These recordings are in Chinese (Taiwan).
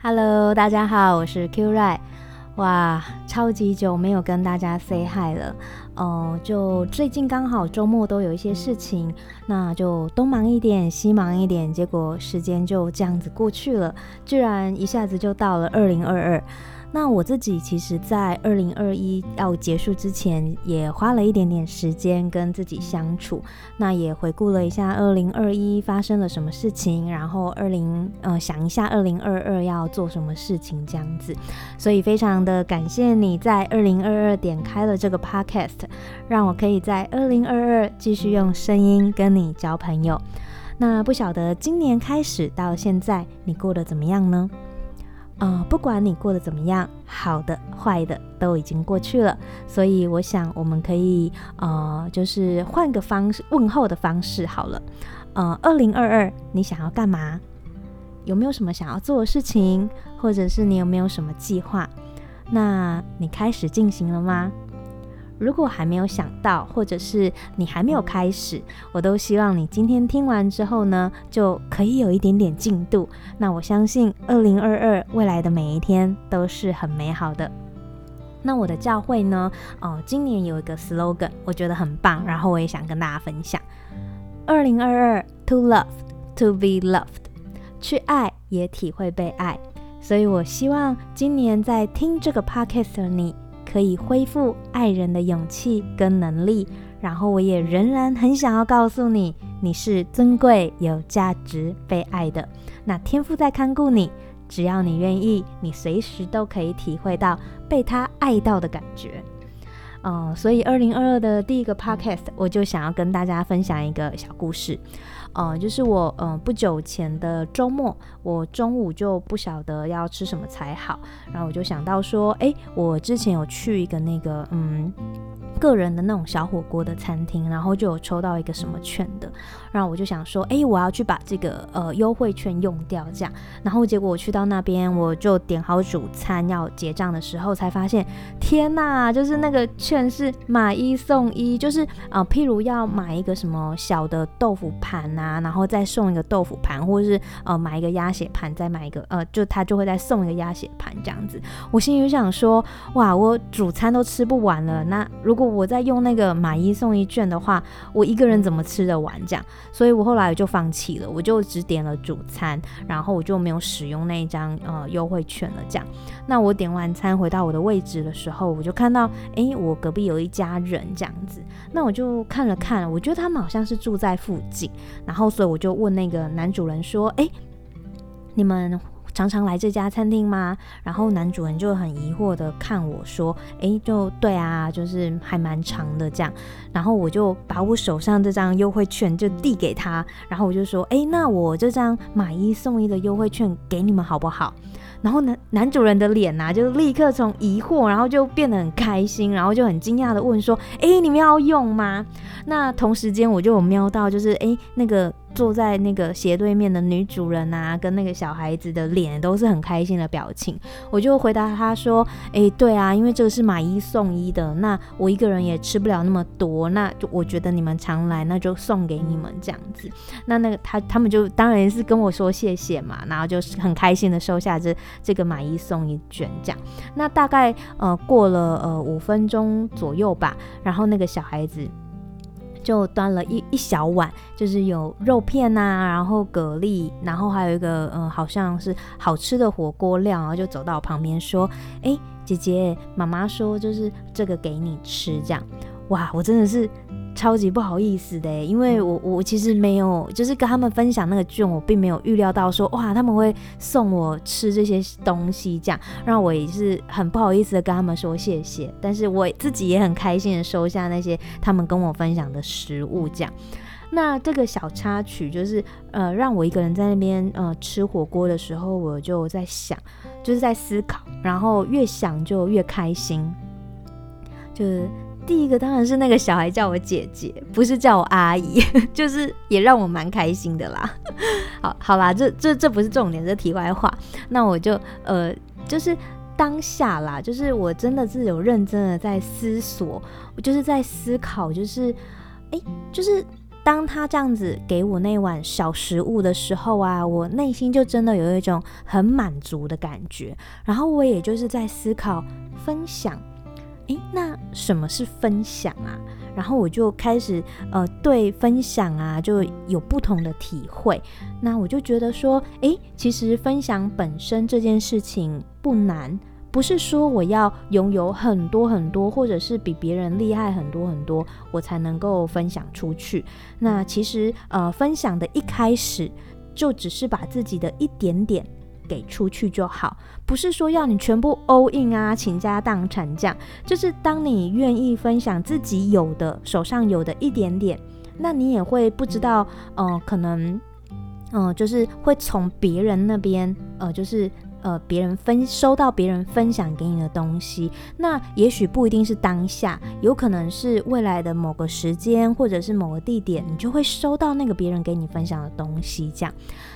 Hello，大家好，我是 Q Ray，哇，超級久沒有跟大家 Say Hi 了，哦、呃，就最近剛好周末都有一些事情，那就東忙一點，西忙一點，結果時間就這樣子過去了，居然一下子就到了二零二二。那我自己其實，在二零二一要結束之前，也花了一點點時間跟自己相處，那也回顧了一下二零二一發生了什麼事情，然後二零，呃，想一下二零二二要做什麼事情這樣子，所以非常的感謝你在二零二二點開了這個 podcast，讓我可以在二零二二繼續用聲音跟你交朋友。那不曉得今年開始到現在，你過得怎麼樣呢？啊、呃，不管你過得怎麼樣，好的、壞的都已經過去了。所以我想，我們可以，呃，就是換個方式問候的方式好了。呃，二零二二，你想要幹嘛？有沒有什麼想要做的事情？或者是你有沒有什麼計劃？那你開始進行了嗎？如果還沒有想到，或者是你還沒有開始，我都希望你今天聽完之後呢，就可以有一點點進度。那我相信，二零二二未來的每一天都是很美好的。那我的教會呢？哦，今年有一個 slogan，我覺得很棒，然後我也想跟大家分享：二零二二 To Love To Be Loved，去愛也體會被愛。所以我希望今年在聽這個 podcast 的你。可以恢復愛人的勇氣跟能力，然後我也仍然很想要告訴你，你是尊貴、有價值、被愛的。那天父在看顧你，只要你願意，你隨時都可以體會到被他愛到的感覺。呃、嗯，所以二零二二的第一個 podcast 我就想要跟大家分享一個小故事，呃、嗯，就是我嗯不久前的周末，我中午就不曉得要吃什麼才好，然後我就想到說，哎、欸，我之前有去一個那個嗯個人的那種小火鍋的餐廳，然後就有抽到一個什麼券的，然後我就想說，哎、欸，我要去把這個呃優惠券用掉這樣，然後結果我去到那邊，我就點好主餐要結賬的時候才發現，天哪、啊，就是那個券。但是買一送一就是啊、呃，譬如要買一個什麼小的豆腐盤啊，然後再送一個豆腐盤，或者是呃買一個鴨血盤，再買一個呃，就他就會再送一個鴨血盤這樣子。我心裡就想說，哇，我主餐都吃不完了，那如果我再用那個買一送一券的話，我一個人怎麼吃得完這樣？所以我後來就放棄了，我就只點了主餐，然後我就沒有使用那一張呃優惠券了這樣。那我點完餐回到我的位置的時候，我就看到，哎、欸，我。隔壁有一家人這樣子，那我就看了看，我覺得他們好像是住在附近，然後所以我就問那個男主人說：“欸，你們常常來這家餐廳嗎？”然後男主人就很疑惑的看我說：“欸，就對啊，就是還蠻常的這樣。”然後我就把我手上這張優惠券就遞給他，然後我就說：“欸，那我這張買一送一的優惠券給你們好不好？”然後男男主人的臉吶、啊，就立刻從疑惑，然後就變得很開心，然後就很驚訝的問說：“哎，你們要用嗎？”那同時間我就有瞄到，就是哎那個。坐在那個斜對面的女主人啊，跟那個小孩子的臉都是很開心的表情。我就回答他說：“欸，對啊，因為這個是買一送一的，那我一個人也吃不了那麼多，那就我覺得你們常來，那就送給你們這樣子。那那個他他們就當然是跟我說謝謝嘛，然後就很開心的收下這這個買一送一卷這樣。那大概呃過了呃五分鐘左右吧，然後那個小孩子。”就端了一一小碗，就是有肉片啊，然後蛤蜊，然後還有一個嗯，好像是好吃的火鍋料，然後就走到我旁邊說：“哎，姐姐，媽媽說就是這個給你吃，這樣，哇，我真的是。”超級不好意思的，因為我我其實沒有，就是跟他們分享那個券，我並沒有預料到說哇他們會送我吃這些東西，這樣讓我也是很不好意思的跟他們說謝謝，但是我自己也很開心的收下那些他們跟我分享的食物這樣。那這個小插曲就是，呃，讓我一個人在那邊呃吃火鍋的時候，我就在想，就是在思考，然後越想就越開心，就是。第一個當然是那個小孩叫我姐姐，不是叫我阿姨，就是也讓我蠻開心的啦。好好啦，這這這不是重點，這題外話。那我就呃，就是當下啦，就是我真的是有認真的在思索，就是在思考，就是欸，就是當他這樣子給我那碗小食物的時候啊，我內心就真的有一種很滿足的感覺。然後我也就是在思考分享。誒，那什麼是分享啊？然後我就開始呃，對分享啊，就有不同的體會。那我就覺得說，誒，其實分享本身這件事情不難，不是說我要擁有很多很多，或者是比別人厲害很多很多，我才能夠分享出去。那其實呃，分享的一開始，就只是把自己的一點點。給出去就好，不是說要你全部 all in 啊，傾家蕩產這樣。就是當你願意分享自己有的、手上有的一點點，那你也會不知道，呃，可能，嗯、呃，就是會從別人那邊，呃，就是。呃，別人分收到別人分享給你的東西，那也許不一定是當下，有可能是未來的某個時間或者是某個地點，你就會收到那個別人給你分享的東西。這樣，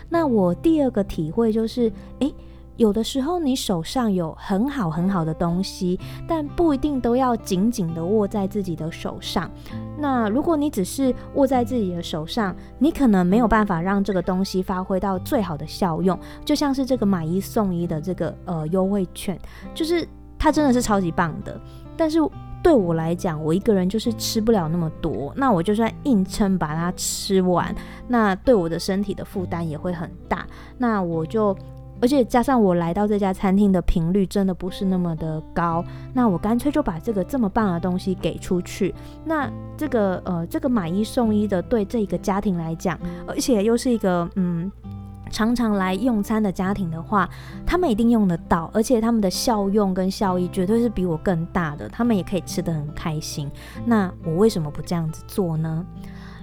那我第二個體會就是，誒、欸。有的時候，你手上有很好很好的東西，但不一定都要緊緊的握在自己的手上。那如果你只是握在自己的手上，你可能沒有辦法讓這個東西發揮到最好的效用。就像是這個買一送一的這個呃優惠券，就是它真的是超級棒的。但是對我來講，我一個人就是吃不了那麼多。那我就算硬撐把它吃完，那對我的身體的負擔也會很大。那我就。而且加上我來到這家餐廳的頻率真的不是那麼的高，那我乾脆就把這個這麼棒的東西給出去。那這個呃，這個買一送一的，對這個家庭來講，而且又是一個嗯常常來用餐的家庭的話，他們一定用得到，而且他們的效用跟效益絕對是比我更大的，他們也可以吃得很開心。那我為什麼不這樣子做呢？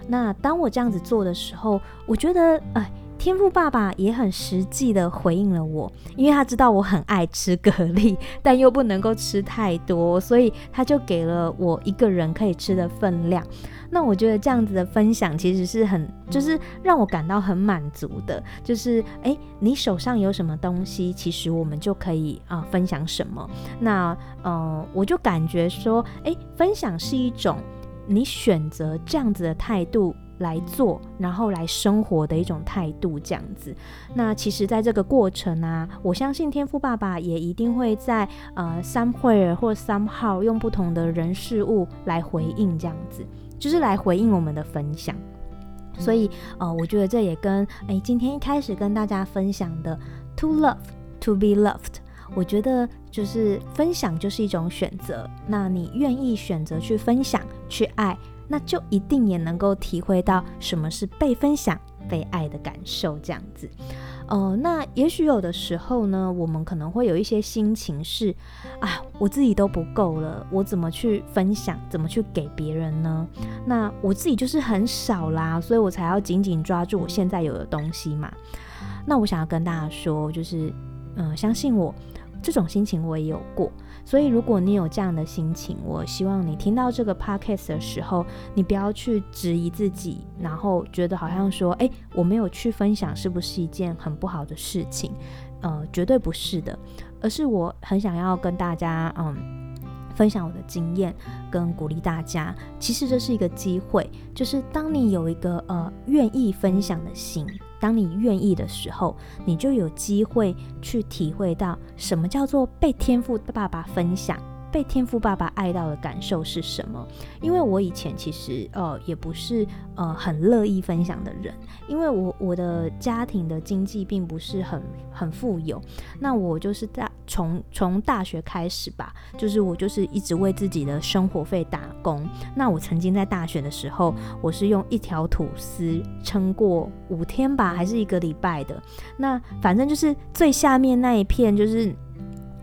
那當我這樣子做的時候，我覺得唉。唉天父爸爸也很實際的回應了我，因為他知道我很愛吃蛤蜊，但又不能夠吃太多，所以他就給了我一個人可以吃的分量。那我覺得這樣子的分享其實是很，就是讓我感到很滿足的，就是哎、欸，你手上有什麼東西，其實我們就可以啊、呃、分享什麼。那呃，我就感覺說，哎、欸，分享是一種你選擇這樣子的態度。來做，然後來生活的一種態度，這樣子。那其實，在這個過程啊，我相信天父爸爸也一定會在呃，somewhere 或 somehow 用不同的人事物來回應，這樣子，就是來回應我們的分享。嗯、所以，呃，我覺得這也跟哎，今天一開始跟大家分享的 to love to be loved，我覺得就是分享就是一種選擇。那你願意選擇去分享，去愛，那就一定也能夠體會到什麼是被分享、被愛的感受，這樣子。哦、呃，那也許有的時候呢，我們可能會有一些心情是，啊，我自己都不夠了，我怎麼去分享，怎麼去給別人呢？那我自己就是很少啦，所以我才要緊緊抓住我現在有的東西嘛。那我想要跟大家說，就是，嗯、呃，相信我。這種心情我也有過，所以如果你有這樣的心情，我希望你聽到這個 podcast 的時候，你不要去質疑自己，然後覺得好像說，欸，我沒有去分享是不是一件很不好的事情？呃，絕對不是的，而是我很想要跟大家，嗯，分享我的經驗，跟鼓勵大家。其實這是一個機會，就是當你有一個呃願意分享的心。當你願意的時候，你就有機會去體會到什麼叫做被天父爸爸分享、被天父爸爸愛到的感受是什麼。因為我以前其實呃也不是呃很樂意分享的人，因為我我的家庭的經濟並不是很很富有，那我就是在。從從大學開始吧，就是我就是一直為自己的生活費打工。那我曾經在大學的時候，我是用一條吐司撐過五天吧，還是一個禮拜的。那反正就是最下面那一片，就是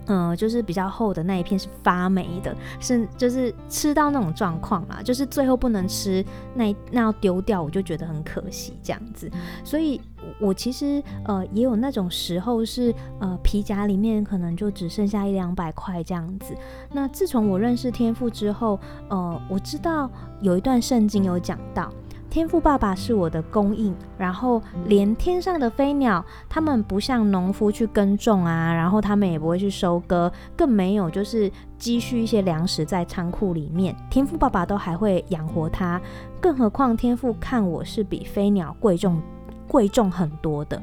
嗯、呃，就是比較厚的那一片是發霉的，是就是吃到那種狀況啦，就是最後不能吃，那那要丟掉，我就覺得很可惜這樣子，所以。我其實呃也有那種時候是呃皮夾裡面可能就只剩下一兩百塊這樣子。那自從我認識天父之後，呃我知道有一段聖經有講到，天父爸爸是我的供應，然後連天上的飛鳥，他們不像農夫去耕種啊，然後他們也不會去收割，更沒有就是積蓄一些糧食在倉庫裡面，天父爸爸都還會養活他，更何況天父看我是比飛鳥貴重。會重很多的，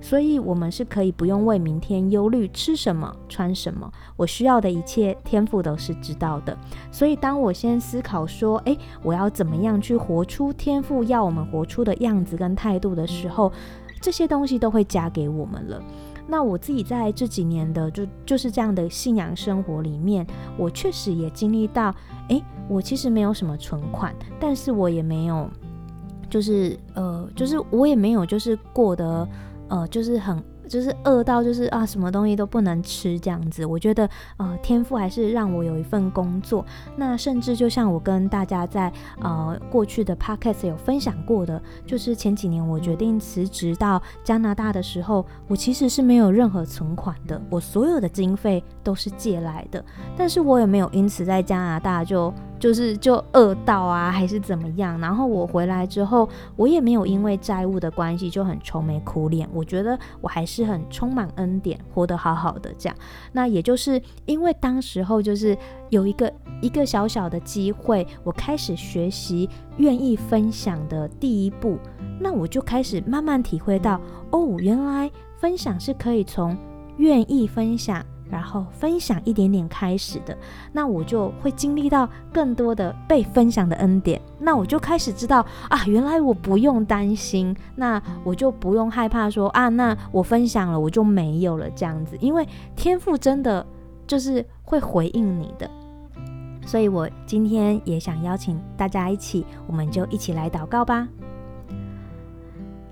所以我們是可以不用為明天憂慮吃什麼、穿什麼，我需要的一切天父都是知道的。所以當我先思考說，誒，我要怎麼樣去活出天父要我們活出的樣子跟態度的時候，嗯、這些東西都會加給我們了。那我自己在這幾年的就就是這樣的信仰生活裡面，我確實也經歷到，誒，我其實沒有什麼存款，但是我也沒有。就是呃，就是我也沒有，就是過得，呃，就是很，就是餓到就是啊，什麼東西都不能吃這樣子。我覺得呃，天父還是讓我有一份工作。那甚至就像我跟大家在呃過去的 podcast 有分享過的，就是前幾年我決定辭職到加拿大的時候，我其實是沒有任何存款的，我所有的經費都是借來的。但是我也沒有因此在加拿大就。就是就餓到啊，還是怎麼樣？然後我回來之後，我也沒有因為債務的關係就很愁眉苦臉。我覺得我還是很充滿恩典，活得好好的這樣。那也就是因為當時候就是有一個一個小小的機會，我開始學習願意分享的第一步，那我就開始慢慢體會到，哦，原來分享是可以從願意分享。然後分享一點點開始的，那我就會經歷到更多的被分享的恩典。那我就開始知道啊，原來我不用擔心，那我就不用害怕說啊，那我分享了我就沒有了這樣子。因為天父真的就是會回應你的，所以我今天也想邀請大家一起，我們就一起來禱告吧。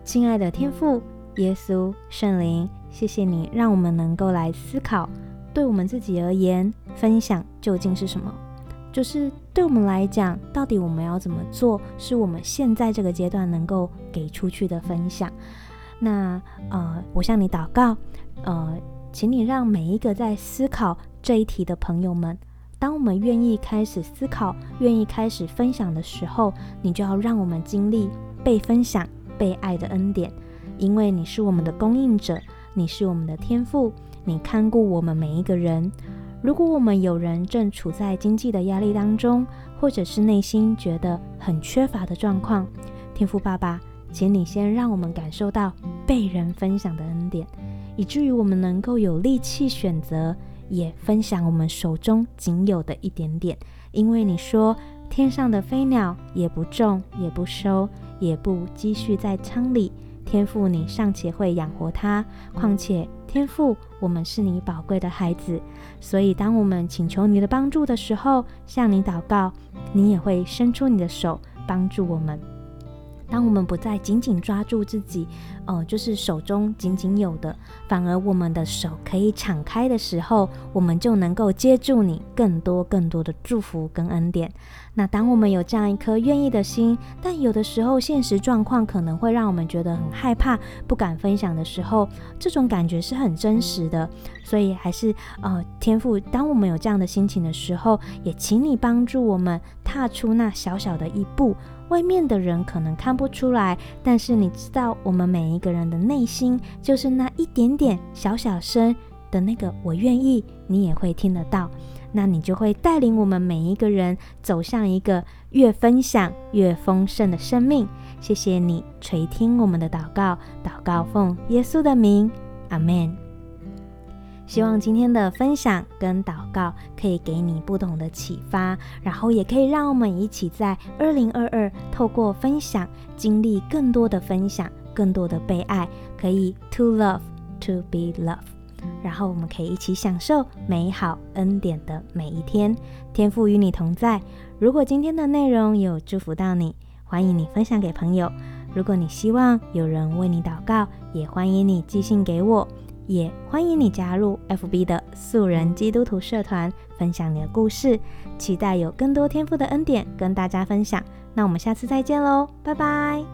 親愛的天父，耶穌聖靈，謝謝你讓我們能夠來思考。對我們自己而言，分享究竟是什麼？就是對我們來講，到底我們要怎麼做，是我們現在這個階段能夠給出去的分享。那呃，我向你禱告，呃，請你讓每一個在思考這一題的朋友們，當我們願意開始思考、願意開始分享的時候，你就要讓我們經歷被分享、被愛的恩典，因為你是我們的供應者，你是我們的天父。你看顧我們每一個人。如果我們有人正處在經濟的壓力當中，或者是內心覺得很缺乏的狀況，天父爸爸，請你先讓我們感受到被人分享的恩典，以至於我們能夠有力氣選擇，也分享我們手中僅有的一點點。因為你說，天上的飛鳥也不種，也不收，也不積蓄在倉裡。天父，你尚且會養活他。況且天父，我們是你寶貴的孩子，所以當我們請求你的幫助的時候，向你禱告，你也會伸出你的手幫助我們。當我們不再緊緊抓住自己，哦，就是手中緊緊有的，反而我們的手可以敞開的時候，我們就能夠接住你更多更多的祝福跟恩典。那當我們有這樣一顆願意的心，但有的時候現實狀況可能會讓我們覺得很害怕，不敢分享的時候，這種感覺是很真實的。所以還是呃，天父，當我們有這樣的心情的時候，也請你幫助我們踏出那小小的一步。外面的人可能看不出來，但是你知道，我們每一個人的內心就是那一點點小小聲的那個我願意，你也會聽得到。那，你就會帶領我們每一個人走向一個越分享越豐盛的生命。謝謝你垂聽我們的禱告，禱告奉耶穌的名，阿門。希望今天的分享跟禱告可以給你不同的啟發，然後也可以讓我們一起在二零二二透過分享經歷更多的分享，更多的被愛，可以 to love, to be loved。然後我們可以一起享受美好恩典的每一天。天父與你同在。如果今天的內容有祝福到你，歡迎你分享給朋友。如果你希望有人為你禱告，也歡迎你寄信給我。也歡迎你加入 FB 的素人基督徒社團，分享你的故事。期待有更多天父的恩典跟大家分享。那我們下次再見嘍，拜拜。